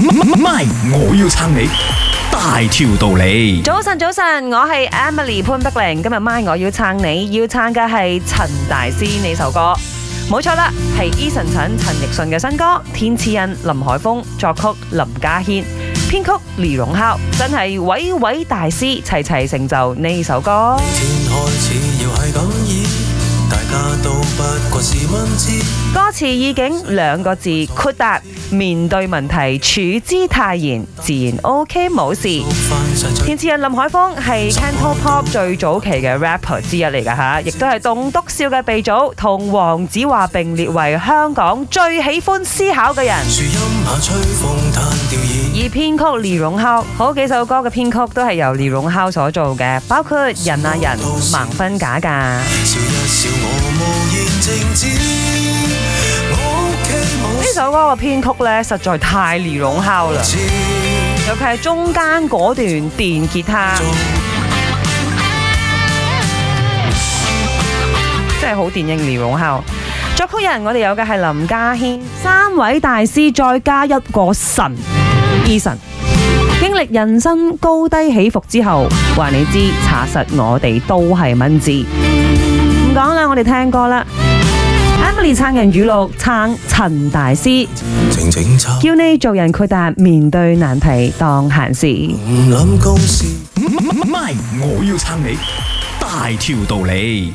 my 我要撐你大條道理。早晨早晨，我係 Emily 潘碧玲。今日 my 我要撐你，要撐嘅係陳大師呢首歌，冇錯啦，係 Eason 陳陳奕迅嘅新歌《天賜人》，林海峰作曲，林家謙編曲，李榮浩真係位位大師齊齊成就呢首歌。歌詞意境兩個字豁達。面對問題處之泰然，自然 OK 冇事。填詞人林海峰係 Cantopop 最早期嘅 rapper 之一嚟㗎吓，亦都係棟篤笑嘅鼻祖，同黃子華並列為香港最喜歡思考嘅人。而編曲李榮浩，好幾首歌嘅編曲都係由李榮浩所做嘅，包括《人啊人》假、《盲婚假嫁》，笑一笑，我無言靜止」。嗰個編曲咧實在太尼龍效啦，尤其係中間嗰段電吉他，真係好電影。尼龍效。作曲人我哋有嘅係林家謙，三位大師再加一個神 Eason，經歷人生高低起伏之後，話你知查實我哋都係蚊子，唔講啦，我哋聽歌啦。Emily 撐人語錄撐塵大師，叫你做人豁達，面對難題當閒事，唔諗公司，唔、嗯、我要撐你，大條道理。